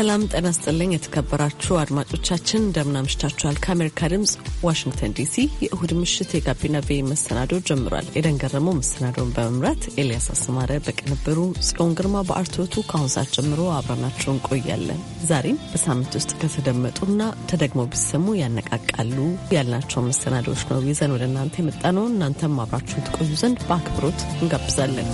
ሰላም ጤና ይስጥልኝ። የተከበራችሁ አድማጮቻችን እንደምናምሽታችኋል። ከአሜሪካ ድምፅ ዋሽንግተን ዲሲ የእሁድ ምሽት የጋቢና ቤ መሰናዶ ጀምሯል። ኤደን ገረመው መሰናዶውን በመምራት ኤልያስ አስማረ በቅንብሩ፣ ጽዮን ግርማ በአርቶቱ ከአሁን ሰዓት ጀምሮ አብረናችሁ እንቆያለን። ዛሬም በሳምንት ውስጥ ከተደመጡና ተደግሞ ቢሰሙ ያነቃቃሉ ያልናቸው መሰናዶዎች ነው ይዘን ወደ እናንተ የመጣነው። እናንተም አብራችሁን ትቆዩ ዘንድ በአክብሮት እንጋብዛለን።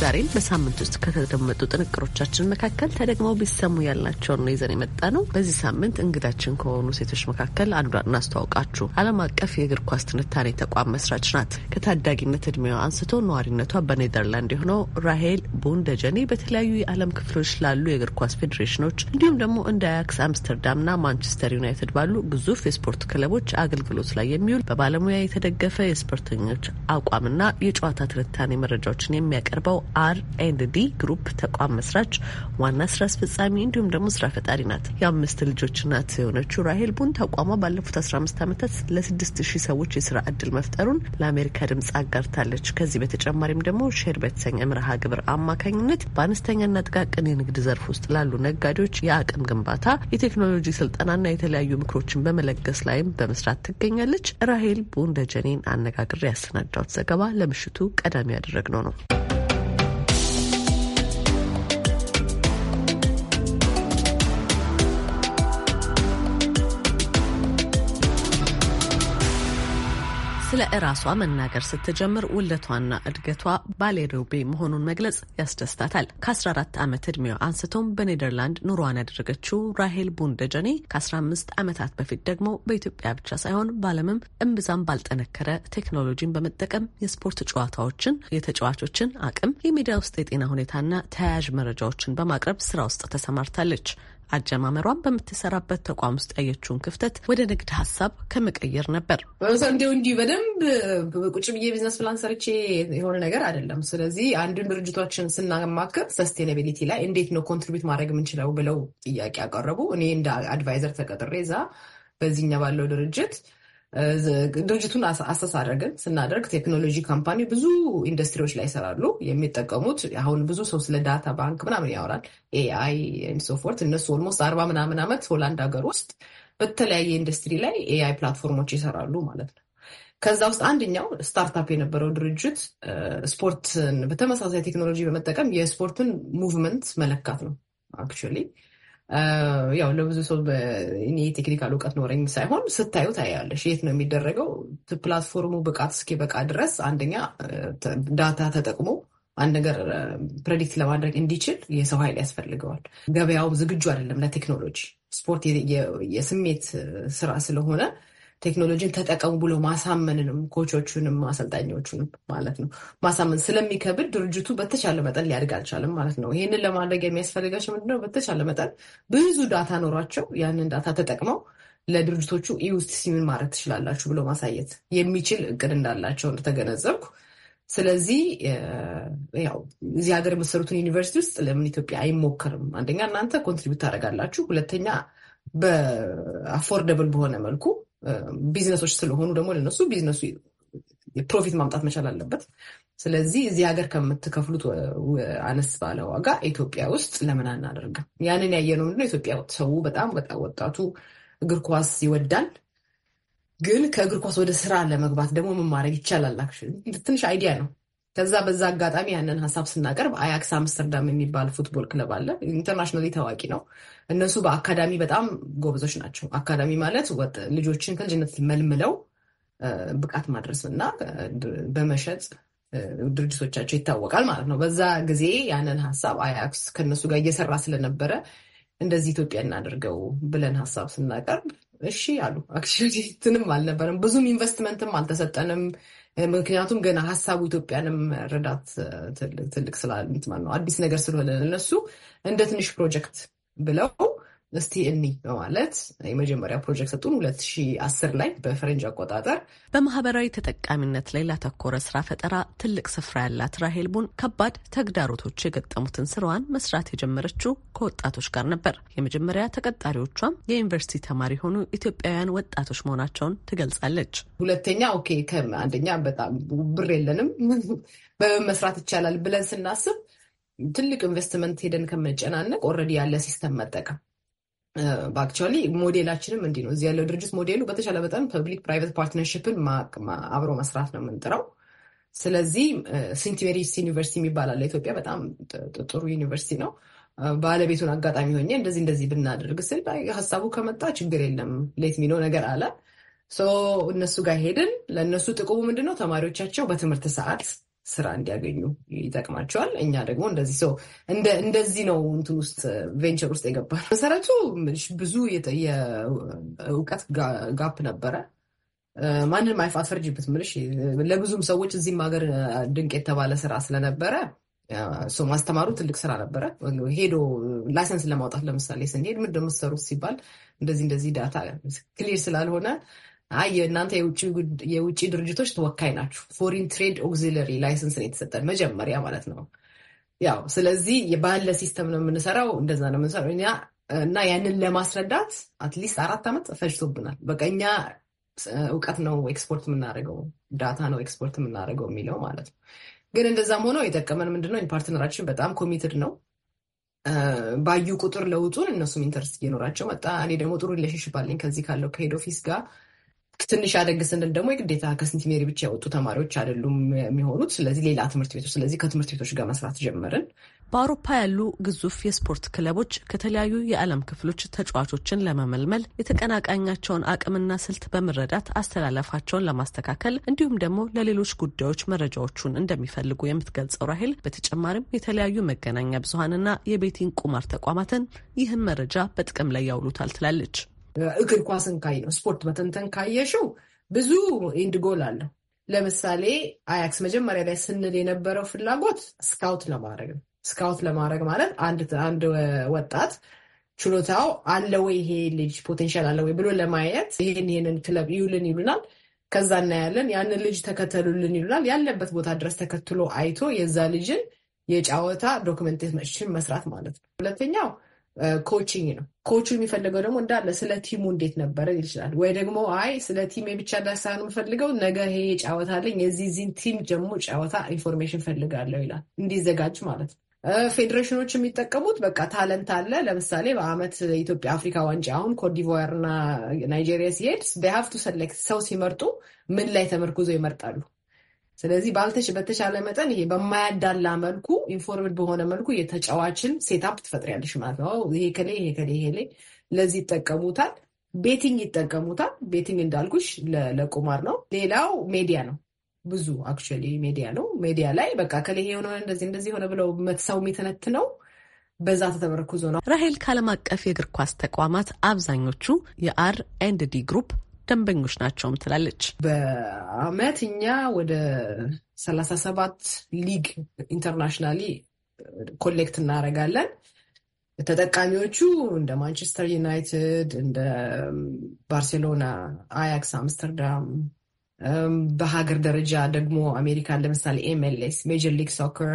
ዛሬም በሳምንት ውስጥ ከተደመጡ ጥንቅሮቻችን መካከል ተደግመው ቢሰሙ ያልናቸውን ነው ይዘን የመጣ ነው። በዚህ ሳምንት እንግዳችን ከሆኑ ሴቶች መካከል አንዷን እናስተዋውቃችሁ። ዓለም አቀፍ የእግር ኳስ ትንታኔ ተቋም መስራች ናት። ከታዳጊነት እድሜዋ አንስቶ ነዋሪነቷ በኔዘርላንድ የሆነው ራሄል ቡንደጀኔ በተለያዩ የዓለም ክፍሎች ላሉ የእግር ኳስ ፌዴሬሽኖች እንዲሁም ደግሞ እንደ አያክስ ና ማንቸስተር ዩናይትድ ባሉ ግዙፍ የስፖርት ክለቦች አገልግሎት ላይ የሚውል በባለሙያ የተደገፈ የስፖርተኞች አቋምና የጨዋታ ትንታኔ መረጃዎችን የሚያቀርበው አር ኤንድ ዲ ግሩፕ ተቋም መስራች ዋና ስራ አስፈጻሚ እንዲሁም ደግሞ ስራ ፈጣሪ ናት። የአምስት ልጆች እናት የሆነችው ራሄል ቡን ተቋሟ ባለፉት 15 ዓመታት ለስድስት ሺህ ሰዎች የስራ እድል መፍጠሩን ለአሜሪካ ድምጽ አጋርታለች። ከዚህ በተጨማሪም ደግሞ ሼር በተሰኘ መርሃ ግብር አማካኝነት በአነስተኛና ጥቃቅን የንግድ ዘርፍ ውስጥ ላሉ ነጋዴዎች የአቅም ግንባታ፣ የቴክኖሎጂ ስልጠናና የተለያዩ ምክሮችን በመለገስ ላይም በመስራት ትገኛለች። ራሄል ቡን ደጀኔን አነጋግሬ ያሰናዳሁት ዘገባ ለምሽቱ ቀዳሚ ያደረግነው ነው። ስለ እራሷ መናገር ስትጀምር ውለቷና እድገቷ ባሌሮቤ መሆኑን መግለጽ ያስደስታታል። ከ14 ዓመት እድሜዋ አንስቶም በኔደርላንድ ኑሯን ያደረገችው ራሄል ቡንደጀኔ ከ15 ዓመታት በፊት ደግሞ በኢትዮጵያ ብቻ ሳይሆን በዓለምም እምብዛም ባልጠነከረ ቴክኖሎጂን በመጠቀም የስፖርት ጨዋታዎችን፣ የተጫዋቾችን አቅም፣ የሚዲያ ውስጥ የጤና ሁኔታና ተያያዥ መረጃዎችን በማቅረብ ስራ ውስጥ ተሰማርታለች። አጀማመሯን በምትሰራበት ተቋም ውስጥ ያየችውን ክፍተት ወደ ንግድ ሀሳብ ከመቀየር ነበር። እንዲሁ እንዲህ በደንብ ቁጭ ብዬ ቢዝነስ ፕላን ሰርቼ የሆነ ነገር አይደለም። ስለዚህ አንዱን ድርጅቶችን ስናማክር ሰስቴናቢሊቲ ላይ እንዴት ነው ኮንትሪቢዩት ማድረግ የምንችለው ብለው ጥያቄ ያቀረቡ እኔ እንደ አድቫይዘር ተቀጥሬ እዛ በዚህኛ ባለው ድርጅት ድርጅቱን አስተሳደርግን ስናደርግ ቴክኖሎጂ ካምፓኒ ብዙ ኢንዱስትሪዎች ላይ ይሰራሉ። የሚጠቀሙት አሁን ብዙ ሰው ስለ ዳታ ባንክ ምናምን ያወራል፣ ኤአይ ሶፎርት። እነሱ ኦልሞስት አርባ ምናምን ዓመት ሆላንድ ሀገር ውስጥ በተለያየ ኢንዱስትሪ ላይ ኤአይ ፕላትፎርሞች ይሰራሉ ማለት ነው። ከዛ ውስጥ አንደኛው ስታርታፕ የነበረው ድርጅት ስፖርትን በተመሳሳይ ቴክኖሎጂ በመጠቀም የስፖርትን ሙቭመንት መለካት ነው አክቹዋሊ ያው ለብዙ ሰው እኔ የቴክኒካል እውቀት ኖረኝ ሳይሆን ስታዩ ታያለሽ፣ የት ነው የሚደረገው። ፕላትፎርሙ ብቃት እስኪበቃ ድረስ አንደኛ ዳታ ተጠቅሞ አንድ ነገር ፕሬዲክት ለማድረግ እንዲችል የሰው ኃይል ያስፈልገዋል። ገበያውም ዝግጁ አይደለም ለቴክኖሎጂ። ስፖርት የስሜት ስራ ስለሆነ ቴክኖሎጂን ተጠቀሙ ብሎ ማሳመንንም ኮቾቹንም አሰልጣኞቹንም ማለት ነው ማሳመን ስለሚከብድ ድርጅቱ በተቻለ መጠን ሊያድግ አልቻለም ማለት ነው። ይህንን ለማድረግ የሚያስፈልጋቸው ምንድነው? በተቻለ መጠን ብዙ ዳታ ኖሯቸው ያንን ዳታ ተጠቅመው ለድርጅቶቹ ኢውስት ሲምን ማድረግ ትችላላችሁ ብሎ ማሳየት የሚችል እቅድ እንዳላቸው እንደተገነዘብኩ ስለዚህ ያው እዚህ ሀገር የምትሰሩትን ዩኒቨርሲቲ ውስጥ ለምን ኢትዮጵያ አይሞከርም? አንደኛ እናንተ ኮንትሪቢዩት ታደርጋላችሁ፣ ሁለተኛ በአፎርደብል በሆነ መልኩ ቢዝነሶች ስለሆኑ ደግሞ ለነሱ ቢዝነሱ ፕሮፊት ማምጣት መቻል አለበት። ስለዚህ እዚህ ሀገር ከምትከፍሉት አነስ ባለ ዋጋ ኢትዮጵያ ውስጥ ለምን አናደርግም? ያንን ያየነው ምንድነው ኢትዮጵያ ሰው በጣም በጣም ወጣቱ እግር ኳስ ይወዳል። ግን ከእግር ኳስ ወደ ስራ ለመግባት ደግሞ ምን ማድረግ ይቻላል? ትንሽ አይዲያ ነው ከዛ በዛ አጋጣሚ ያንን ሀሳብ ስናቀርብ አያክስ አምስተርዳም የሚባል ፉትቦል ክለብ አለ። ኢንተርናሽናሊ ታዋቂ ነው። እነሱ በአካዳሚ በጣም ጎበዞች ናቸው። አካዳሚ ማለት ወጥ ልጆችን ከልጅነት መልምለው ብቃት ማድረስ እና በመሸጥ ድርጅቶቻቸው ይታወቃል ማለት ነው። በዛ ጊዜ ያንን ሀሳብ አያክስ ከነሱ ጋር እየሰራ ስለነበረ እንደዚህ ኢትዮጵያ እናደርገው ብለን ሀሳብ ስናቀርብ እሺ አሉ። አክቹዋሊ እንትንም አልነበረም ብዙም ኢንቨስትመንትም አልተሰጠንም። ምክንያቱም ገና ሀሳቡ ኢትዮጵያንም መረዳት ትልቅ ነው አዲስ ነገር ስለሆነ እነሱ እንደ ትንሽ ፕሮጀክት ብለው እስቲ እኒ በማለት የመጀመሪያ ፕሮጀክት ሰጡን። 2010 ላይ በፈረንጅ አቆጣጠር በማህበራዊ ተጠቃሚነት ላይ ላተኮረ ስራ ፈጠራ ትልቅ ስፍራ ያላት ራሄል ቡን ከባድ ተግዳሮቶች የገጠሙትን ስራዋን መስራት የጀመረችው ከወጣቶች ጋር ነበር። የመጀመሪያ ተቀጣሪዎቿም የዩኒቨርሲቲ ተማሪ የሆኑ ኢትዮጵያውያን ወጣቶች መሆናቸውን ትገልጻለች። ሁለተኛ ኦኬ አንደኛ በጣም ብር የለንም በመስራት ይቻላል ብለን ስናስብ ትልቅ ኢንቨስትመንት ሄደን ከመጨናነቅ ኦልሬዲ ያለ ሲስተም መጠቀም በአክቹዋሊ ሞዴላችንም እንዲህ ነው። እዚህ ያለው ድርጅት ሞዴሉ በተቻለ በጣም ፐብሊክ ፕራይቬት ፓርትነርሽፕን አብሮ መስራት ነው የምንጥረው። ስለዚህ ሴንት ሜሪስ ዩኒቨርሲቲ የሚባል አለ ኢትዮጵያ፣ በጣም ጥሩ ዩኒቨርሲቲ ነው። ባለቤቱን አጋጣሚ ሆኜ እንደዚህ እንደዚህ ብናደርግ ስል ሀሳቡ ከመጣ ችግር የለም ሌት የሚለው ነገር አለ። እነሱ ጋር ሄድን። ለእነሱ ጥቅሙ ምንድን ነው? ተማሪዎቻቸው በትምህርት ሰዓት ስራ እንዲያገኙ ይጠቅማቸዋል። እኛ ደግሞ እንደዚህ ሰው እንደዚህ ነው እንትን ውስጥ ቬንቸር ውስጥ የገባል። መሰረቱ ብዙ የእውቀት ጋፕ ነበረ። ማንንም አትፈርጂበት ምልሽ ለብዙም ሰዎች እዚህም ሀገር ድንቅ የተባለ ስራ ስለነበረ ሰው ማስተማሩ ትልቅ ስራ ነበረ። ሄዶ ላይሰንስ ለማውጣት ለምሳሌ ስንሄድ ምንድን ነው የምትሰሩት ሲባል እንደዚህ እንደዚህ ዳታ ክሊር ስላልሆነ አይ የእናንተ የውጭ ድርጅቶች ተወካይ ናችሁ፣ ፎሪን ትሬድ ኦግዚለሪ ላይሰንስ ነው የተሰጠን መጀመሪያ ማለት ነው። ያው ስለዚህ ባለ ሲስተም ነው የምንሰራው፣ እንደዛ ነው የምንሰራው እና ያንን ለማስረዳት አትሊስት አራት ዓመት ፈጅቶብናል። በቃ እኛ እውቀት ነው ኤክስፖርት የምናደርገው ዳታ ነው ኤክስፖርት የምናደርገው የሚለው ማለት ነው። ግን እንደዛም ሆኖ የጠቀመን ምንድነው ፓርትነራችን በጣም ኮሚትድ ነው። ባዩ ቁጥር ለውጡን እነሱም ኢንተርስት እየኖራቸው መጣ። እኔ ደግሞ ጥሩ ሪሌሽንሽፕ አለኝ ከዚህ ካለው ከሄድ ኦፊስ ጋር ትንሽ አደግ ስንል ደግሞ የግዴታ ከሴንቲሜሪ ብቻ የወጡ ተማሪዎች አይደሉም የሚሆኑት። ስለዚህ ሌላ ትምህርት ቤቶች ስለዚህ ከትምህርት ቤቶች ጋር መስራት ጀመርን። በአውሮፓ ያሉ ግዙፍ የስፖርት ክለቦች ከተለያዩ የዓለም ክፍሎች ተጫዋቾችን ለመመልመል የተቀናቃኛቸውን አቅምና ስልት በመረዳት አስተላለፋቸውን ለማስተካከል እንዲሁም ደግሞ ለሌሎች ጉዳዮች መረጃዎቹን እንደሚፈልጉ የምትገልጸው ራሄል በተጨማሪም የተለያዩ መገናኛ ብዙሀንና የቤቲንግ ቁማር ተቋማትን ይህን መረጃ በጥቅም ላይ ያውሉታል ትላለች። እግር ኳስን ካየው ስፖርት በተንተን ካየሽው ብዙ ኢንድ ጎል አለው። ለምሳሌ አያክስ መጀመሪያ ላይ ስንል የነበረው ፍላጎት ስካውት ለማድረግ ነው። ስካውት ለማድረግ ማለት አንድ ወጣት ችሎታው አለ ወይ ይሄ ልጅ ፖቴንሻል አለ ወይ ብሎ ለማየት ይህን ይህንን ክለብ ይውልን ይሉናል። ከዛ እናያለን። ያንን ልጅ ተከተሉልን ይሉናል። ያለበት ቦታ ድረስ ተከትሎ አይቶ የዛ ልጅን የጫወታ ዶክመንቴሽን መስራት ማለት ነው። ሁለተኛው ኮችኝ ነው። ኮቹ የሚፈልገው ደግሞ እንዳለ ስለ ቲሙ እንዴት ነበረ ይችላል ወይ ደግሞ አይ ስለ ቲም ብቻ ዳሳ ነው የምፈልገው ነገ ይሄ ጫወታ አለኝ ዚን ቲም ጀሞ ጫወታ ኢንፎርሜሽን ፈልጋለሁ ይላል። እንዲዘጋጅ ማለት ነው። ፌዴሬሽኖች የሚጠቀሙት በቃ ታለንት አለ። ለምሳሌ በአመት ኢትዮጵያ አፍሪካ ዋንጫ አሁን ኮትዲቫር እና ናይጄሪያ ሲሄድ ሀፍቱ ሰሌክት ሰው ሲመርጡ ምን ላይ ተመርኩዞ ይመርጣሉ? ስለዚህ በተሻለ መጠን ይሄ በማያዳላ መልኩ ኢንፎርምድ በሆነ መልኩ የተጫዋችን ሴታፕ ትፈጥሪያለሽ ማለት ነው። ይሄ ከሌ ይሄ ከሌ ይሄ ለዚህ ይጠቀሙታል። ቤቲንግ ይጠቀሙታል። ቤቲንግ እንዳልኩሽ ለቁማር ነው። ሌላው ሜዲያ ነው። ብዙ አክቹዋሊ ሜዲያ ነው። ሜዲያ ላይ በቃ ከሌ የሆነ እንደዚህ እንደዚህ የሆነ ብለው መትሰው የሚተነት ነው በዛ ተተመርኩዞ ነው። ራሄል ከዓለም አቀፍ የእግር ኳስ ተቋማት አብዛኞቹ የአር ኤንድ ዲ ግሩፕ ደንበኞች ናቸውም ትላለች። በአመት እኛ ወደ ሰላሳ ሰባት ሊግ ኢንተርናሽናሊ ኮሌክት እናደርጋለን። ተጠቃሚዎቹ እንደ ማንቸስተር ዩናይትድ፣ እንደ ባርሴሎና፣ አያክስ አምስተርዳም በሀገር ደረጃ ደግሞ አሜሪካን ለምሳሌ ኤምኤልኤስ ሜጀር ሊግ ሶከር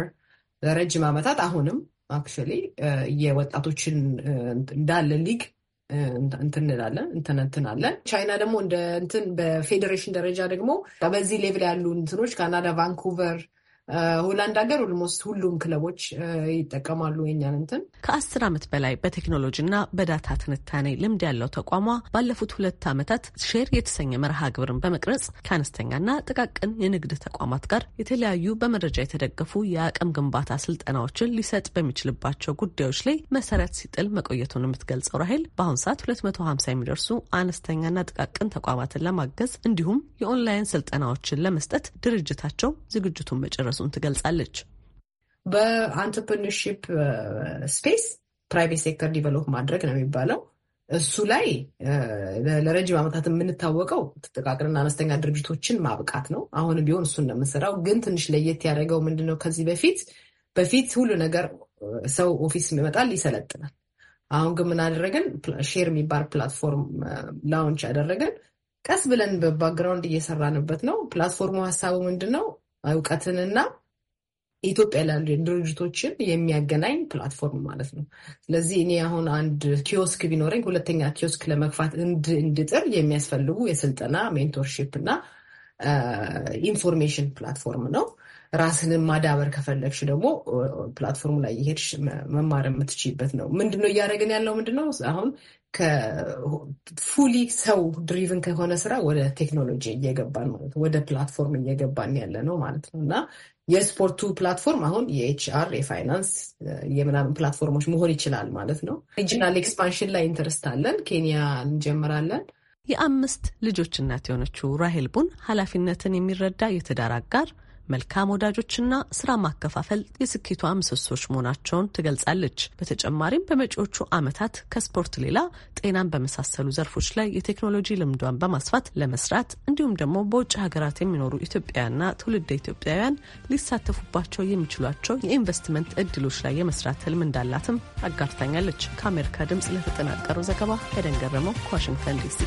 ለረጅም ዓመታት አሁንም አክቹዋሊ የወጣቶችን እንዳለ ሊግ እንትን እንላለን እንትን እንትን አለን። ቻይና ደግሞ እንደ እንትን በፌዴሬሽን ደረጃ ደግሞ በዚህ ሌቭል ያሉ እንትኖች ካናዳ፣ ቫንኩቨር ሆላንድ ሀገር ኦልሞስት ሁሉም ክለቦች ይጠቀማሉ የኛን እንትን። ከአስር ዓመት በላይ በቴክኖሎጂ እና በዳታ ትንታኔ ልምድ ያለው ተቋሟ ባለፉት ሁለት ዓመታት ሼር የተሰኘ መርሃ ግብርን በመቅረጽ ከአነስተኛና ጥቃቅን የንግድ ተቋማት ጋር የተለያዩ በመረጃ የተደገፉ የአቅም ግንባታ ስልጠናዎችን ሊሰጥ በሚችልባቸው ጉዳዮች ላይ መሰረት ሲጥል መቆየቱን የምትገልጸው ራሄል በአሁኑ ሰዓት 250 የሚደርሱ አነስተኛና ጥቃቅን ተቋማትን ለማገዝ እንዲሁም የኦንላይን ስልጠናዎችን ለመስጠት ድርጅታቸው ዝግጅቱን መጨረሱ መቀነሱን ትገልጻለች። በአንትርፕርነርሺፕ ስፔስ ፕራይቬት ሴክተር ዲቨሎፕ ማድረግ ነው የሚባለው። እሱ ላይ ለረጅም ዓመታት የምንታወቀው ጥቃቅንና አነስተኛ ድርጅቶችን ማብቃት ነው። አሁን ቢሆን እሱ እንደምንሰራው ግን ትንሽ ለየት ያደረገው ምንድነው ከዚህ በፊት በፊት ሁሉ ነገር ሰው ኦፊስ ይመጣል፣ ይሰለጥናል። አሁን ግን ምን ሼር የሚባል ፕላትፎርም ላውንች ያደረግን ቀስ ብለን በባክግራውንድ እየሰራንበት ነው። ፕላትፎርሙ ሀሳቡ ምንድን ነው? እውቀትንና ኢትዮጵያ ላሉ ድርጅቶችን የሚያገናኝ ፕላትፎርም ማለት ነው። ስለዚህ እኔ አሁን አንድ ኪዮስክ ቢኖረኝ ሁለተኛ ኪዮስክ ለመግፋት እንድጥር የሚያስፈልጉ የስልጠና ሜንቶርሺፕ እና ኢንፎርሜሽን ፕላትፎርም ነው። ራስንን ማዳበር ከፈለግሽ ደግሞ ፕላትፎርሙ ላይ የሄድሽ መማር የምትችይበት ነው። ምንድነው እያደረግን ያለው ምንድነው አሁን ፉሊ ሰው ድሪቭን ከሆነ ስራ ወደ ቴክኖሎጂ እየገባን ማለት ነው፣ ወደ ፕላትፎርም እየገባን ያለ ነው ማለት ነው እና የስፖርቱ ፕላትፎርም አሁን የኤችአር የፋይናንስ የምናምን ፕላትፎርሞች መሆን ይችላል ማለት ነው። ሪጂናል ኤክስፓንሽን ላይ ኢንተረስት አለን። ኬንያ እንጀምራለን። የአምስት ልጆች እናት የሆነችው ራሄል ቡን ኃላፊነትን የሚረዳ የትዳር አጋር መልካም ወዳጆችና ስራ ማከፋፈል የስኬቷ ምሰሶች መሆናቸውን ትገልጻለች። በተጨማሪም በመጪዎቹ ዓመታት ከስፖርት ሌላ ጤናን በመሳሰሉ ዘርፎች ላይ የቴክኖሎጂ ልምዷን በማስፋት ለመስራት እንዲሁም ደግሞ በውጭ ሀገራት የሚኖሩ ኢትዮጵያውያንና ትውልደ ኢትዮጵያውያን ሊሳተፉባቸው የሚችሏቸው የኢንቨስትመንት እድሎች ላይ የመስራት ህልም እንዳላትም አጋርታኛለች። ከአሜሪካ ድምጽ ለተጠናቀረው ዘገባ ኤደን ገረመው ከዋሽንግተን ዲሲ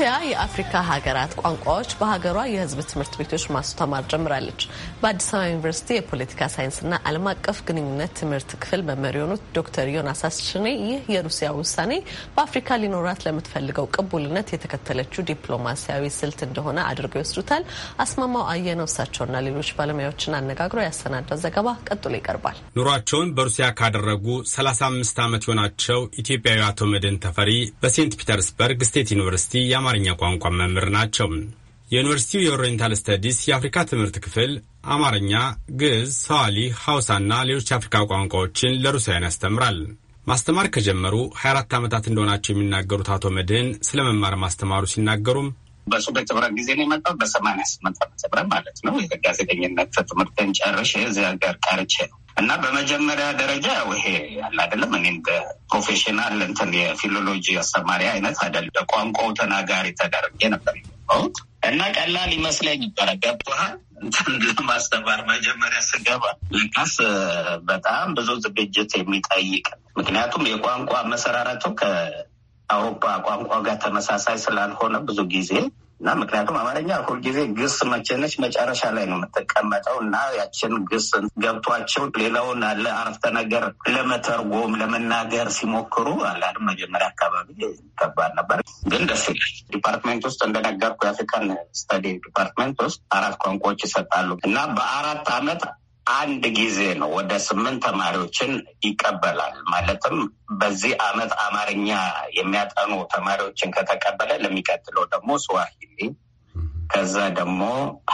ሩሲያ የአፍሪካ ሀገራት ቋንቋዎች በሀገሯ የህዝብ ትምህርት ቤቶች ማስተማር ጀምራለች። በአዲስ አበባ ዩኒቨርሲቲ የፖለቲካ ሳይንስና ዓለም አቀፍ ግንኙነት ትምህርት ክፍል መምህር የሆኑት ዶክተር ዮናስ አስችኔ ይህ የሩሲያ ውሳኔ በአፍሪካ ሊኖራት ለምትፈልገው ቅቡልነት የተከተለችው ዲፕሎማሲያዊ ስልት እንደሆነ አድርገው ይወስዱታል። አስማማው አየነው እሳቸውና ሌሎች ባለሙያዎችን አነጋግሮ ያሰናዳው ዘገባ ቀጥሎ ይቀርባል። ኑሯቸውን በሩሲያ ካደረጉ 35 ዓመት የሆናቸው ኢትዮጵያዊ አቶ መድን ተፈሪ በሴንት ፒተርስበርግ ስቴት ዩኒቨርሲቲ የአማርኛ ቋንቋ መምህር ናቸው። የዩኒቨርሲቲው የኦሪየንታል ስተዲስ የአፍሪካ ትምህርት ክፍል አማርኛ፣ ግዕዝ፣ ሰዋሊ፣ ሐውሳና ሌሎች የአፍሪካ ቋንቋዎችን ለሩሲያን ያስተምራል። ማስተማር ከጀመሩ 24 ዓመታት እንደሆናቸው የሚናገሩት አቶ መድህን ስለ መማር ማስተማሩ ሲናገሩም በሱ በትምህረት ጊዜ ነው የመጣው። በሰማንያ ስምንት ዓመተ ምህረት ማለት ነው። የጋዜጠኝነት ትምህርትን ጨርሼ እዚህ ሀገር ቀርቼ ነው እና በመጀመሪያ ደረጃ ይሄ ያለ አይደለም። እኔ እንደ ፕሮፌሽናል እንትን የፊሎሎጂ አስተማሪ አይነት አይደለም። በቋንቋው ተናጋሪ ተደርጌ ነበር እና ቀላል ይመስለኝ ነበረ። ገባህ ማስተማር መጀመሪያ ስገባ ልቃስ በጣም ብዙ ዝግጅት የሚጠይቅ ምክንያቱም የቋንቋ መሰራረቱ ከአውሮፓ ቋንቋ ጋር ተመሳሳይ ስላልሆነ ብዙ ጊዜ እና ምክንያቱም አማርኛ ሁልጊዜ ግስ መቼነች መጨረሻ ላይ ነው የምትቀመጠው እና ያችን ግስ ገብቷቸው ሌላውን አለ አረፍተ ነገር ለመተርጎም ለመናገር ሲሞክሩ አላድም መጀመሪያ አካባቢ ከባድ ነበር፣ ግን ደስ ይላል። ዲፓርትሜንት ውስጥ እንደነገርኩ የአፍሪካን ስተዲ ዲፓርትሜንት ውስጥ አራት ቋንቋዎች ይሰጣሉ እና በአራት አመት አንድ ጊዜ ነው ወደ ስምንት ተማሪዎችን ይቀበላል። ማለትም በዚህ አመት አማርኛ የሚያጠኑ ተማሪዎችን ከተቀበለ ለሚቀጥለው ደግሞ ስዋሂሊ፣ ከዛ ደግሞ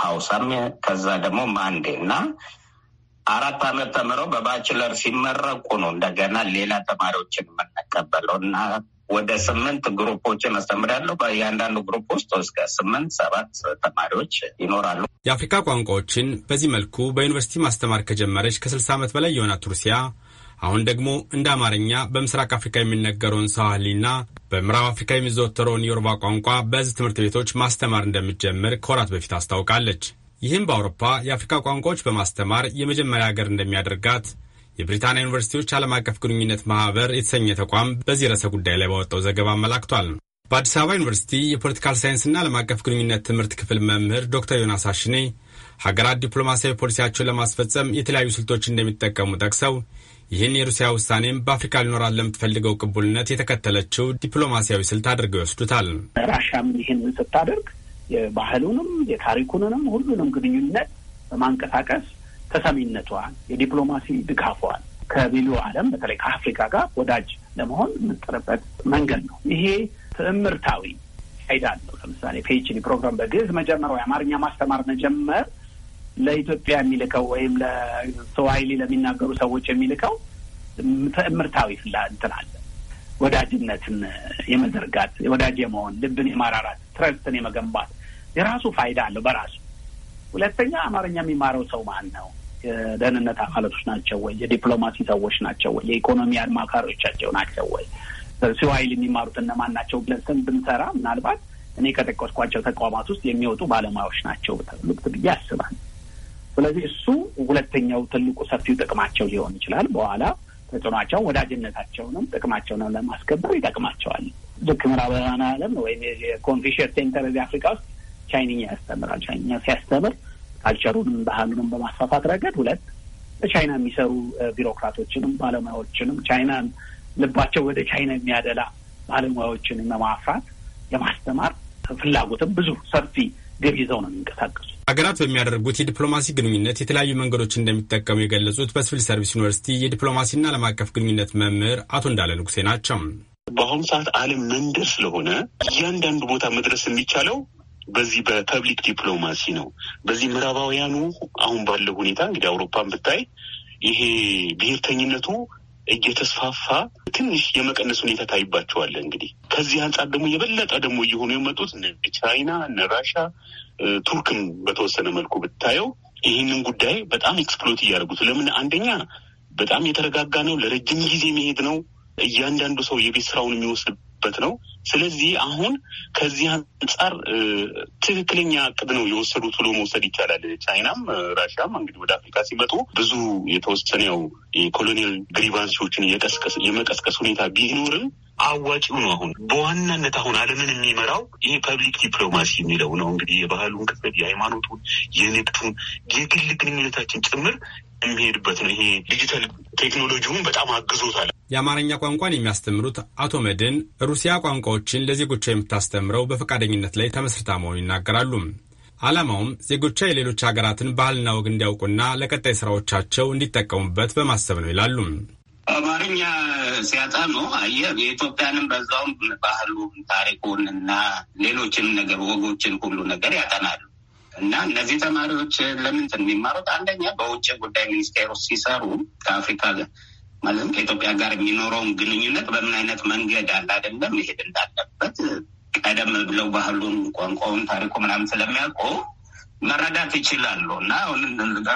ሀውሳም፣ ከዛ ደግሞ ማንዴ እና አራት አመት ተምረው በባችለር ሲመረቁ ነው እንደገና ሌላ ተማሪዎችን የምንቀበለው እና ወደ ስምንት ግሩፖችን አስተምራለሁ። በእያንዳንዱ ግሩፕ ውስጥ እስከ ስምንት ሰባት ተማሪዎች ይኖራሉ። የአፍሪካ ቋንቋዎችን በዚህ መልኩ በዩኒቨርሲቲ ማስተማር ከጀመረች ከስልሳ ዓመት በላይ የሆናት ሩሲያ አሁን ደግሞ እንደ አማርኛ በምስራቅ አፍሪካ የሚነገረውን ሰዋሂሊና በምዕራብ አፍሪካ የሚዘወተረውን የዮሩባ ቋንቋ በሕዝብ ትምህርት ቤቶች ማስተማር እንደምትጀምር ከወራት በፊት አስታውቃለች። ይህም በአውሮፓ የአፍሪካ ቋንቋዎች በማስተማር የመጀመሪያ ሀገር እንደሚያደርጋት የብሪታንያ ዩኒቨርሲቲዎች ዓለም አቀፍ ግንኙነት ማህበር የተሰኘ ተቋም በዚህ ርዕሰ ጉዳይ ላይ ባወጣው ዘገባ አመላክቷል። በአዲስ አበባ ዩኒቨርሲቲ የፖለቲካል ሳይንስና ዓለም አቀፍ ግንኙነት ትምህርት ክፍል መምህር ዶክተር ዮናስ አሽኔ ሀገራት ዲፕሎማሲያዊ ፖሊሲያቸውን ለማስፈጸም የተለያዩ ስልቶች እንደሚጠቀሙ ጠቅሰው ይህን የሩሲያ ውሳኔም በአፍሪካ ሊኖራት ለምትፈልገው ቅቡልነት የተከተለችው ዲፕሎማሲያዊ ስልት አድርገው ይወስዱታል። ራሻም ይህንን ስታደርግ የባህሉንም የታሪኩንንም ሁሉንም ግንኙነት በማንቀሳቀስ ተሰሚነቷን፣ የዲፕሎማሲ ድጋፏን ከሌላው ዓለም በተለይ ከአፍሪካ ጋር ወዳጅ ለመሆን የምንጥርበት መንገድ ነው። ይሄ ትዕምርታዊ ፋይዳ አለው። ለምሳሌ ፒኤችዲ ፕሮግራም በግዕዝ ወይ አማርኛ ማስተማር መጀመር ለኢትዮጵያ የሚልከው ወይም ለሰዋይሊ ለሚናገሩ ሰዎች የሚልከው ትዕምርታዊ ፍላ እንትን አለ ወዳጅነትን የመዘርጋት ወዳጅ የመሆን ልብን የማራራት ትረስትን የመገንባት የራሱ ፋይዳ አለው በራሱ። ሁለተኛ አማርኛ የሚማረው ሰው ማን ነው? የደህንነት አካላቶች ናቸው ወይ? የዲፕሎማሲ ሰዎች ናቸው ወይ? የኢኮኖሚ አማካሪዎቻቸው ናቸው ወይ? ሲው ኃይል የሚማሩት እነማን ናቸው ብለን ብንሰራ ምናልባት እኔ ከጠቀስኳቸው ተቋማት ውስጥ የሚወጡ ባለሙያዎች ናቸው ተብሉት ብዬ አስባል። ስለዚህ እሱ ሁለተኛው ትልቁ ሰፊው ጥቅማቸው ሊሆን ይችላል። በኋላ ተጽዕኗቸውን፣ ወዳጅነታቸውንም ጥቅማቸውንም ለማስከበር ይጠቅማቸዋል። ልክ ምዕራባውያን ዓለም ወይም የኮንፊሽየስ ሴንተር እዚህ አፍሪካ ውስጥ ቻይንኛ ያስተምራል። ቻይንኛ ሲያስተምር ካልቸሩንም ባህሉንም በማስፋፋት ረገድ፣ ሁለት በቻይና የሚሰሩ ቢሮክራቶችንም ባለሙያዎችንም ቻይናን ልባቸው ወደ ቻይና የሚያደላ ባለሙያዎችን ለማፍራት የማስተማር ፍላጎትም ብዙ ሰፊ ገቢ ይዘው ነው የሚንቀሳቀሱ። ሀገራት በሚያደርጉት የዲፕሎማሲ ግንኙነት የተለያዩ መንገዶች እንደሚጠቀሙ የገለጹት በሲቪል ሰርቪስ ዩኒቨርሲቲ የዲፕሎማሲና ዓለም አቀፍ ግንኙነት መምህር አቶ እንዳለ ንጉሴ ናቸው። በአሁኑ ሰዓት ዓለም መንደር ስለሆነ እያንዳንዱ ቦታ መድረስ የሚቻለው በዚህ በፐብሊክ ዲፕሎማሲ ነው። በዚህ ምዕራባውያኑ አሁን ባለው ሁኔታ እንግዲህ አውሮፓን ብታይ ይሄ ብሔርተኝነቱ እየተስፋፋ ትንሽ የመቀነስ ሁኔታ ታይባቸዋለ እንግዲህ ከዚህ አንጻር ደግሞ የበለጠ ደግሞ እየሆኑ የመጡት ቻይና፣ እነ ራሻ፣ ቱርክም በተወሰነ መልኩ ብታየው ይህንን ጉዳይ በጣም ኤክስፕሎት እያደረጉት ለምን አንደኛ በጣም የተረጋጋ ነው፣ ለረጅም ጊዜ መሄድ ነው። እያንዳንዱ ሰው የቤት ስራውን የሚወስድ በት ነው። ስለዚህ አሁን ከዚህ አንጻር ትክክለኛ ቅድ ነው የወሰዱት ብሎ መውሰድ ይቻላል። ቻይናም ራሽያም እንግዲህ ወደ አፍሪካ ሲመጡ ብዙ የተወሰነው የኮሎኒያል ግሪቫንሲዎችን የመቀስቀስ ሁኔታ ቢኖርም አዋጭው ነው። አሁን በዋናነት አሁን ዓለምን የሚመራው ይሄ ፐብሊክ ዲፕሎማሲ የሚለው ነው። እንግዲህ የባህሉን ክፍል፣ የሃይማኖቱን፣ የንግቱን፣ የግል ግንኙነታችን ጭምር የሚሄድበት ነው። ይሄ ዲጂታል ቴክኖሎጂውን በጣም አግዞታል። የአማርኛ ቋንቋን የሚያስተምሩት አቶ መድን ሩሲያ ቋንቋዎችን ለዜጎቿ የምታስተምረው በፈቃደኝነት ላይ ተመስርታ መሆኑ ይናገራሉ። ዓላማውም ዜጎቿ የሌሎች ሀገራትን ባህልና ወግ እንዲያውቁና ለቀጣይ ስራዎቻቸው እንዲጠቀሙበት በማሰብ ነው ይላሉ። አማርኛ ነው። አየ የኢትዮጵያንም በዛውም ባህሉን፣ ታሪኩን እና ሌሎችን ነገር ወጎችን ሁሉ ነገር ያጠናሉ እና እነዚህ ተማሪዎች ለምንት የሚማሩት አንደኛ በውጭ ጉዳይ ሚኒስቴር ውስጥ ሲሰሩ ከአፍሪካ ማለትም ከኢትዮጵያ ጋር የሚኖረውን ግንኙነት በምን አይነት መንገድ አለ አይደለም መሄድ እንዳለበት ቀደም ብለው ባህሉን፣ ቋንቋውን፣ ታሪኩ ምናምን ስለሚያውቁ መረዳት ይችላሉ እና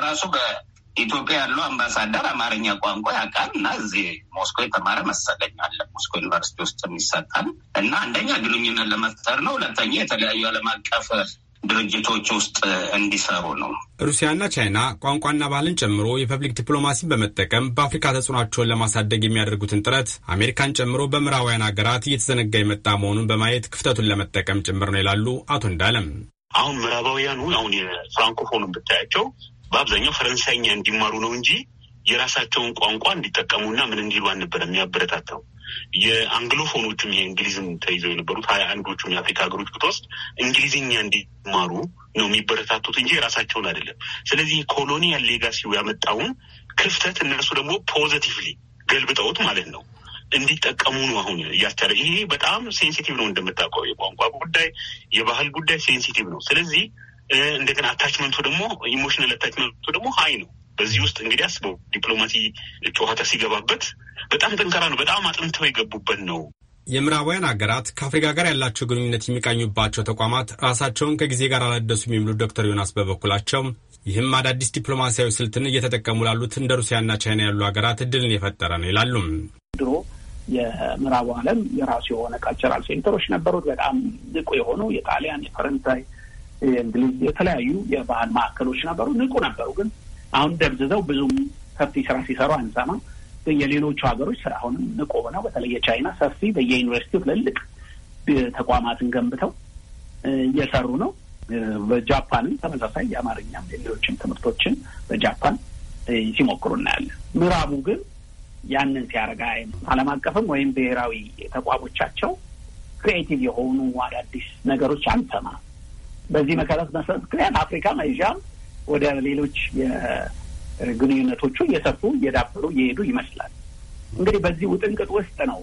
ራሱ ኢትዮጵያ ያለው አምባሳደር አማርኛ ቋንቋ ያውቃል እና እዚህ ሞስኮ የተማረ መሰለኝ አለ። ሞስኮ ዩኒቨርሲቲ ውስጥ የሚሰጣል እና አንደኛ ግንኙነት ለመፍጠር ነው። ሁለተኛ የተለያዩ ዓለም አቀፍ ድርጅቶች ውስጥ እንዲሰሩ ነው። ሩሲያና ቻይና ቋንቋና ባህልን ጨምሮ የፐብሊክ ዲፕሎማሲን በመጠቀም በአፍሪካ ተጽዕኖአቸውን ለማሳደግ የሚያደርጉትን ጥረት አሜሪካን ጨምሮ በምዕራባውያን ሀገራት እየተዘነጋ የመጣ መሆኑን በማየት ክፍተቱን ለመጠቀም ጭምር ነው ይላሉ አቶ እንዳለም። አሁን ምዕራባውያኑ አሁን የፍራንኮፎን ብታያቸው በአብዛኛው ፈረንሳይኛ እንዲማሩ ነው እንጂ የራሳቸውን ቋንቋ እንዲጠቀሙና ምን እንዲሉ አልነበረ የሚያበረታታው። የአንግሎፎኖቹም ይሄ እንግሊዝም ተይዘው የነበሩት ሀያ አንዶቹም የአፍሪካ ሀገሮች ብትወስድ እንግሊዝኛ እንዲማሩ ነው የሚበረታቱት እንጂ የራሳቸውን አይደለም። ስለዚህ ኮሎኒያል ሌጋሲው ያመጣውን ክፍተት እነሱ ደግሞ ፖዘቲቭሊ ገልብጠውት ማለት ነው እንዲጠቀሙ ነው አሁን እያስቻለ። ይሄ በጣም ሴንሲቲቭ ነው እንደምታውቀው፣ የቋንቋ ጉዳይ የባህል ጉዳይ ሴንሲቲቭ ነው። ስለዚህ እንደገና አታችመንቱ ደግሞ ኢሞሽናል አታችመንቱ ደግሞ ሀይ ነው። በዚህ ውስጥ እንግዲህ አስበው ዲፕሎማሲ ጨዋታ ሲገባበት በጣም ጠንካራ ነው። በጣም አጥንተው የገቡበት ነው። የምዕራባውያን ሀገራት ከአፍሪካ ጋር ያላቸው ግንኙነት የሚቃኙባቸው ተቋማት ራሳቸውን ከጊዜ ጋር አላደሱም የሚሉ ዶክተር ዮናስ በበኩላቸው ይህም አዳዲስ ዲፕሎማሲያዊ ስልትን እየተጠቀሙ ላሉት እንደ ሩሲያና ቻይና ያሉ ሀገራት እድልን የፈጠረ ነው ይላሉም። ድሮ የምዕራቡ ዓለም የራሱ የሆነ ካልቸራል ሴንተሮች ነበሩት። በጣም ንቁ የሆኑ የጣሊያን፣ የፈረንሳይ፣ እንግሊዝ የተለያዩ የባህል ማዕከሎች ነበሩ፣ ንቁ ነበሩ። ግን አሁን ደብዝዘው ብዙም ሰፊ ስራ ሲሰሩ አንሰማ። ግን የሌሎቹ ሀገሮች ስራ አሁንም ንቁ ሆነው በተለይ የቻይና ሰፊ በየዩኒቨርሲቲው ትልልቅ ተቋማትን ገንብተው እየሰሩ ነው። በጃፓንም ተመሳሳይ የአማርኛም ሌሎችም ትምህርቶችን በጃፓን ሲሞክሩ እናያለን። ምዕራቡ ግን ያንን ሲያደርግ ዓለም አቀፍም ወይም ብሔራዊ ተቋሞቻቸው ክሪኤቲቭ የሆኑ አዳዲስ ነገሮች አንሰማም። በዚህ መሰረት መሰረት ምክንያት አፍሪካም ኤዥያም ወደ ሌሎች የግንኙነቶቹ እየሰፉ እየዳበሩ እየሄዱ ይመስላል። እንግዲህ በዚህ ውጥንቅጥ ውስጥ ነው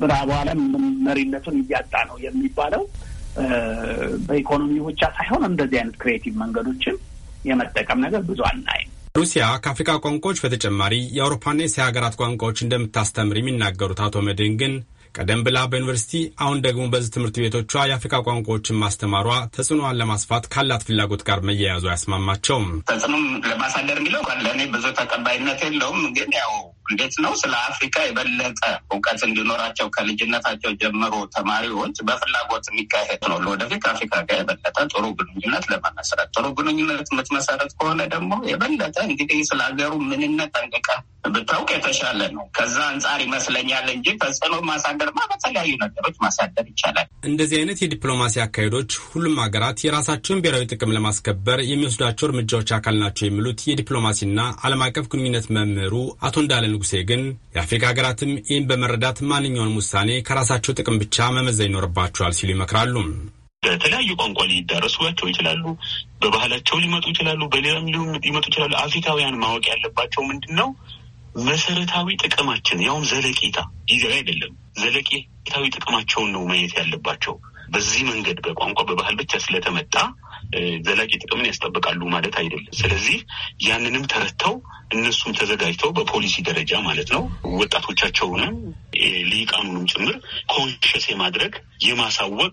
ምዕራቡ ዓለም መሪነቱን እያጣ ነው የሚባለው። በኢኮኖሚ ብቻ ሳይሆን እንደዚህ አይነት ክሬቲቭ መንገዶችን የመጠቀም ነገር ብዙ አናይም። ሩሲያ ከአፍሪካ ቋንቋዎች በተጨማሪ የአውሮፓና የእስያ ሀገራት ቋንቋዎች እንደምታስተምር የሚናገሩት አቶ መድን ግን ቀደም ብላ በዩኒቨርሲቲ አሁን ደግሞ በዚህ ትምህርት ቤቶቿ የአፍሪካ ቋንቋዎችን ማስተማሯ ተጽዕኖዋን ለማስፋት ካላት ፍላጎት ጋር መያያዙ አያስማማቸውም። ተጽዕኖም ለማሳደር የሚለው ለእኔ ብዙ ተቀባይነት የለውም ግን ያው እንዴት ነው ስለ አፍሪካ የበለጠ እውቀት እንዲኖራቸው ከልጅነታቸው ጀምሮ ተማሪዎች በፍላጎት የሚካሄድ ነው። ለወደፊት ከአፍሪካ ጋር የበለጠ ጥሩ ግንኙነት ለመመስረት ጥሩ ግንኙነት የምትመሰረት ከሆነ ደግሞ የበለጠ እንግዲህ ስለ ሀገሩ ምንነት ጠንቅቃ ብታውቅ የተሻለ ነው። ከዛ አንጻር ይመስለኛል እንጂ ተጽዕኖ ማሳደርማ በተለያዩ ነገሮች ማሳደር ይቻላል። እንደዚህ አይነት የዲፕሎማሲ አካሄዶች ሁሉም ሀገራት የራሳቸውን ብሔራዊ ጥቅም ለማስከበር የሚወስዷቸው እርምጃዎች አካል ናቸው የሚሉት የዲፕሎማሲና ዓለም አቀፍ ግንኙነት መምህሩ አቶ እንዳለ ንጉሴ ግን የአፍሪካ ሀገራትም ይህን በመረዳት ማንኛውንም ውሳኔ ከራሳቸው ጥቅም ብቻ መመዘን ይኖርባቸዋል ሲሉ ይመክራሉ። በተለያዩ ቋንቋ ሊዳረሱባቸው ይችላሉ። በባህላቸው ሊመጡ ይችላሉ። በሌላም ሊመጡ ይችላሉ። አፍሪካውያን ማወቅ ያለባቸው ምንድን ነው? መሰረታዊ ጥቅማችን ያውም ዘለቄታ ጊዜያዊ አይደለም፣ ዘለቄታዊ ጥቅማቸውን ነው ማየት ያለባቸው። በዚህ መንገድ በቋንቋ በባህል ብቻ ስለተመጣ ዘላቂ ጥቅምን ያስጠብቃሉ ማለት አይደለም። ስለዚህ ያንንም ተረድተው እነሱም ተዘጋጅተው በፖሊሲ ደረጃ ማለት ነው ወጣቶቻቸውንም ሊቃኑንም ጭምር ኮንሽስ የማድረግ የማሳወቅ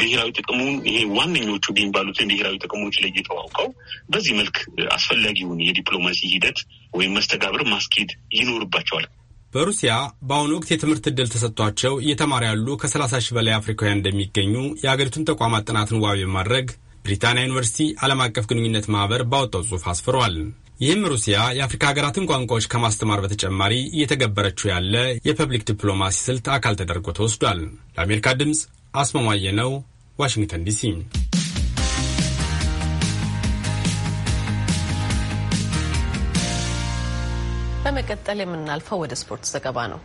ብሔራዊ ጥቅሙን ይሄ ዋነኞቹ የሚባሉትን ብሔራዊ ጥቅሞች ለይተው አውቀው በዚህ መልክ አስፈላጊውን የዲፕሎማሲ ሂደት ወይም መስተጋብር ማስኬድ ይኖርባቸዋል። በሩሲያ በአሁኑ ወቅት የትምህርት ዕድል ተሰጥቷቸው እየተማሩ ያሉ ከ30 ሺህ በላይ አፍሪካውያን እንደሚገኙ የአገሪቱን ተቋማት ጥናትን ዋቢ በማድረግ ብሪታንያ ዩኒቨርሲቲ ዓለም አቀፍ ግንኙነት ማኅበር ባወጣው ጽሑፍ አስፍሯል። ይህም ሩሲያ የአፍሪካ ሀገራትን ቋንቋዎች ከማስተማር በተጨማሪ እየተገበረችው ያለ የፐብሊክ ዲፕሎማሲ ስልት አካል ተደርጎ ተወስዷል። ለአሜሪካ ድምፅ አስማማየ ነው፣ ዋሽንግተን ዲሲ። በመቀጠል የምናልፈው ወደ ስፖርት ዘገባ ነው።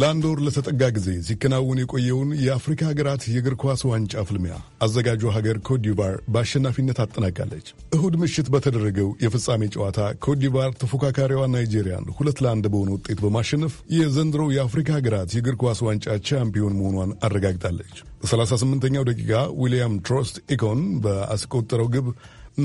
ለአንድ ወር ለተጠጋ ጊዜ ሲከናወን የቆየውን የአፍሪካ ሀገራት የእግር ኳስ ዋንጫ ፍልሚያ አዘጋጁ ሀገር ኮትዲቫር በአሸናፊነት አጠናቃለች። እሁድ ምሽት በተደረገው የፍጻሜ ጨዋታ ኮትዲቫር ተፎካካሪዋ ናይጄሪያን ሁለት ለአንድ በሆነ ውጤት በማሸነፍ የዘንድሮው የአፍሪካ ሀገራት የእግር ኳስ ዋንጫ ቻምፒዮን መሆኗን አረጋግጣለች። በ38ኛው ደቂቃ ዊልያም ትሮስት ኢኮን በአስቆጠረው ግብ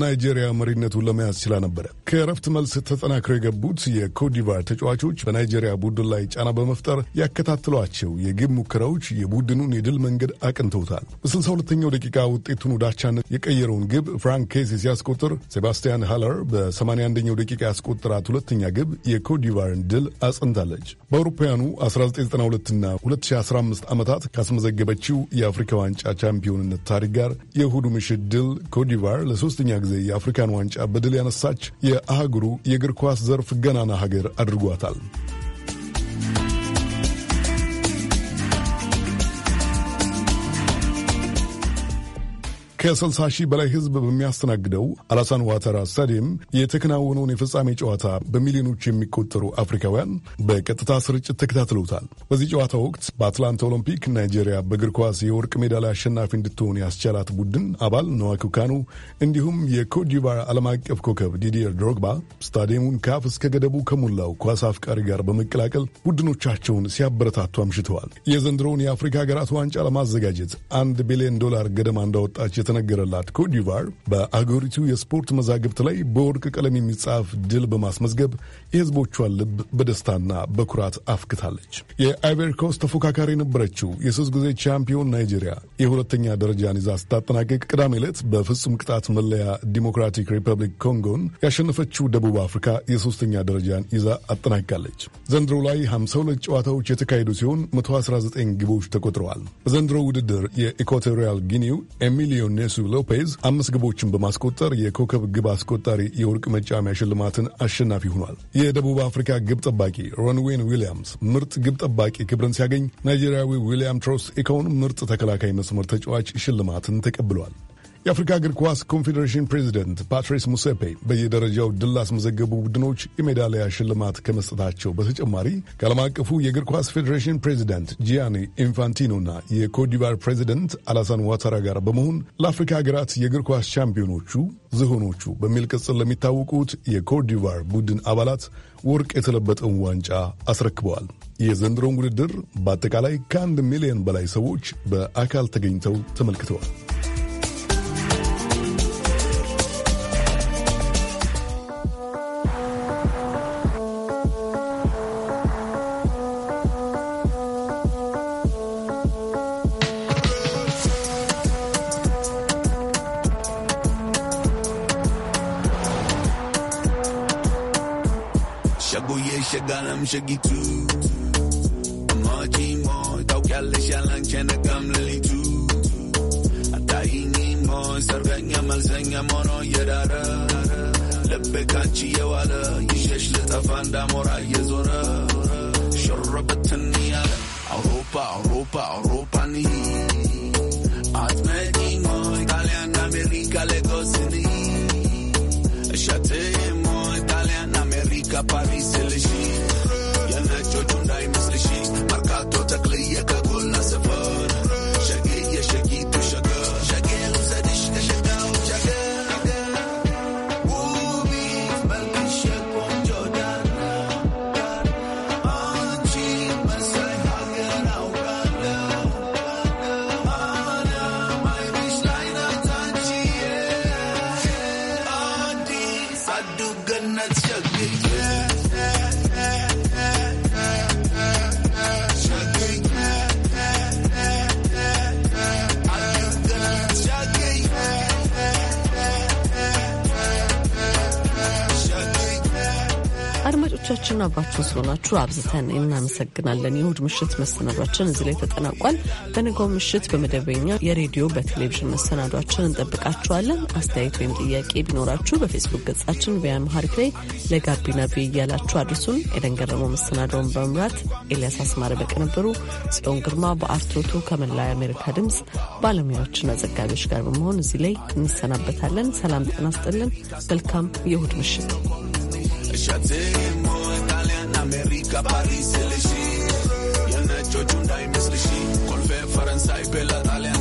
ናይጄሪያ መሪነቱን ለመያዝ ችላ ነበረ። ከእረፍት መልስ ተጠናክረው የገቡት የኮትዲቫር ተጫዋቾች በናይጄሪያ ቡድን ላይ ጫና በመፍጠር ያከታትሏቸው የግብ ሙከራዎች የቡድኑን የድል መንገድ አቅንተውታል። በስልሳ ሁለተኛው ደቂቃ ውጤቱን ወዳቻነት የቀየረውን ግብ ፍራንክ ኬሲ ሲያስቆጥር፣ ሴባስቲያን ሃለር በ በሰማንያ ኛው ደቂቃ ያስቆጠራት ሁለተኛ ግብ የኮትዲቫርን ድል አጽንታለች። በአውሮፓውያኑ 1992ና 2015 ዓመታት ካስመዘገበችው የአፍሪካ ዋንጫ ቻምፒዮንነት ታሪክ ጋር የእሁዱ ምሽት ድል ኮትዲቫር ለሶስተኛ ጊዜ የአፍሪካን ዋንጫ በድል ያነሳች የአህጉሩ የእግር ኳስ ዘርፍ ገናና ሀገር አድርጓታል። ከ60 ሺህ በላይ ህዝብ በሚያስተናግደው አላሳን ዋተራ ስታዲየም የተከናወነውን የፍጻሜ ጨዋታ በሚሊዮኖች የሚቆጠሩ አፍሪካውያን በቀጥታ ስርጭት ተከታትለውታል። በዚህ ጨዋታ ወቅት በአትላንታ ኦሎምፒክ ናይጄሪያ በእግር ኳስ የወርቅ ሜዳሊያ አሸናፊ እንድትሆን ያስቻላት ቡድን አባል ነዋኪው ካኑ እንዲሁም የኮትዲቯር ዓለም አቀፍ ኮከብ ዲዲየር ድሮግባ ስታዲየሙን ከአፍ እስከ ገደቡ ከሞላው ኳስ አፍቃሪ ጋር በመቀላቀል ቡድኖቻቸውን ሲያበረታቱ አምሽተዋል። የዘንድሮውን የአፍሪካ ሀገራት ዋንጫ ለማዘጋጀት አንድ ቢሊዮን ዶላር ገደማ እንዳወጣች የተነገረላት ኮትዲቫር በአገሪቱ የስፖርት መዛግብት ላይ በወርቅ ቀለም የሚጻፍ ድል በማስመዝገብ የህዝቦቿን ልብ በደስታና በኩራት አፍክታለች። የአይቨርኮስ ተፎካካሪ የነበረችው የሶስት ጊዜ ቻምፒዮን ናይጄሪያ የሁለተኛ ደረጃን ይዛ ስታጠናቀቅ ቅዳሜ ዕለት በፍጹም ቅጣት መለያ ዲሞክራቲክ ሪፐብሊክ ኮንጎን ያሸነፈችው ደቡብ አፍሪካ የሶስተኛ ደረጃን ይዛ አጠናቃለች። ዘንድሮ ላይ 52 ጨዋታዎች የተካሄዱ ሲሆን 119 ግቦች ተቆጥረዋል። በዘንድሮ ውድድር የኢኳቶሪያል ጊኒው ኤሚሊዮን ኔሱ ሎፔዝ አምስት ግቦችን በማስቆጠር የኮከብ ግብ አስቆጣሪ የወርቅ መጫሚያ ሽልማትን አሸናፊ ሆኗል። የደቡብ አፍሪካ ግብ ጠባቂ ሮንዌን ዊሊያምስ ምርጥ ግብ ጠባቂ ክብርን ሲያገኝ፣ ናይጄሪያዊ ዊሊያም ትሮስ ኢኮን ምርጥ ተከላካይ መስመር ተጫዋች ሽልማትን ተቀብሏል። የአፍሪካ እግር ኳስ ኮንፌዴሬሽን ፕሬዚደንት ፓትሪስ ሙሴፔ በየደረጃው ድል ላስመዘገቡ ቡድኖች የሜዳሊያ ሽልማት ከመስጠታቸው በተጨማሪ ከዓለም አቀፉ የእግር ኳስ ፌዴሬሽን ፕሬዚደንት ጂያኒ ኢንፋንቲኖና የኮዲቫር ፕሬዚደንት አላሳን ዋታራ ጋር በመሆን ለአፍሪካ ሀገራት የእግር ኳስ ሻምፒዮኖቹ ዝሆኖቹ በሚል ቅጽል ለሚታወቁት የኮዲቫር ቡድን አባላት ወርቅ የተለበጠውን ዋንጫ አስረክበዋል። የዘንድሮን ውድድር በአጠቃላይ ከአንድ ሚሊዮን በላይ ሰዎች በአካል ተገኝተው ተመልክተዋል። ሸጊቱ ሞጂሞ ታውቂያለሽ ያላንቸነቀም ሌሊቱ አታይኝሞ ሰርገኛ መልሰኛ ሆኖ እየዳረ ልቤ ካንቺ የዋለ ይሸሽ ልጠፋ እንዳሞራ እየዞረ ሽርብትን ያለ አውሮፓ አውሮፓ አውሮፓ እንሂድ አትመጪም ሆይ ጣሊያን አሜሪካ ሌጎስኒ እሸቴም ሆይ ጣሊያን አሜሪካ ፓሪስ ልሽ አድማጮቻችን አብራችሁን ስለሆናችሁ አብዝተን እናመሰግናለን። የእሁድ ምሽት መሰናዷችን እዚህ ላይ ተጠናቋል። በንጋው ምሽት በመደበኛ የሬዲዮ በቴሌቪዥን መሰናዷችን እንጠብቃችኋለን። አስተያየት ወይም ጥያቄ ቢኖራችሁ በፌስቡክ ገጻችን ቪያምሃሪክ ላይ ለጋቢና ቪ እያላችሁ አድርሱን። ኤደን ገረመው መሰናዳውን በመምራት ኤልያስ አስማረ በቅንብሩ፣ ጽዮን ግርማ በአርትዖቱ ከመላ የአሜሪካ ድምፅ ባለሙያዎችና ዘጋቢዎች ጋር በመሆን እዚህ ላይ እንሰናበታለን። ሰላም ጤና ስጥልን። መልካም የእሁድ ምሽት። I አሜሪካ፣ ፓሪስ ልሽ የነጮቹ እንዳይመስልሽ ኮልፌ ፈረንሳይ፣ ቤላ ጣሊያን